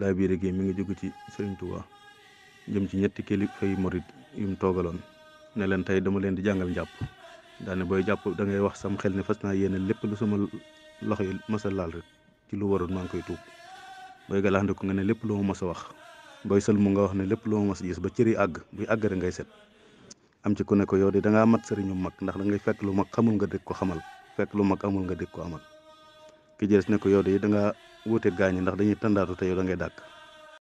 laa biir gi mi ngi jóge ci Serigne Touba jëm ci ñetti kilifa yu murit yu mu toogaloon ne leen tey dama leen di jàngal njàpp daane booy jàpp dangay wax sam xel ne fas naa yéene lépp lu sama loxo yi masa laal rek ci lu waroon maa ngi koy tuub booy galaxndiku nga ne lépp loo ma mos a wax booy sël mu nga wax ne lépp loo ma mos a gis ba cëri àgg buy àgg ngay set am ci ko ne ko yow de da ngaa mat sëriñu mag ndax da ngay fekk lu mag xamul nga dëkk ko xamal fekk lu mag amul nga dëkk ko amal wuute gaañ yi ndax dañuy tëndaatu te yow da ngay